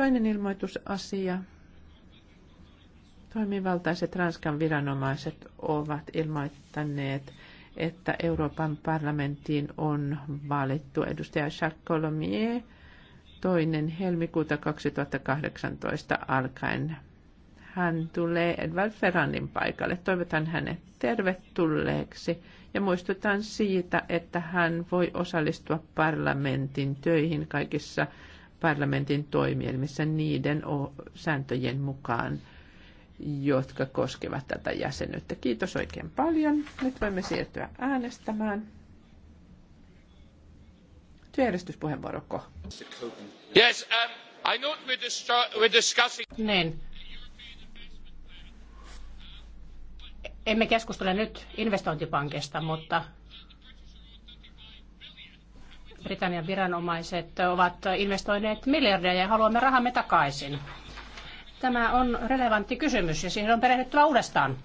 Toinen ilmoitusasia. Toimivaltaiset Ranskan viranomaiset ovat ilmoittaneet, että Euroopan parlamenttiin on valittu edustaja Jacques Colomier toinen helmikuuta 2018 alkaen. Hän tulee Edvard Ferranin paikalle. Toivotan hänet tervetulleeksi ja muistutan siitä, että hän voi osallistua parlamentin töihin kaikissa parlamentin toimielmissä niiden sääntöjen mukaan, jotka koskevat tätä jäsenyyttä. Kiitos oikein paljon. Nyt voimme siirtyä äänestämään. Työjärjestyspuheenvuoroko? Yes, um, I know we're discussing... Niin. Emme keskustele nyt investointipankista, mutta Britannian viranomaiset ovat investoineet miljardeja ja haluamme rahamme takaisin. Tämä on relevantti kysymys ja siihen on perehdyttävä uudestaan.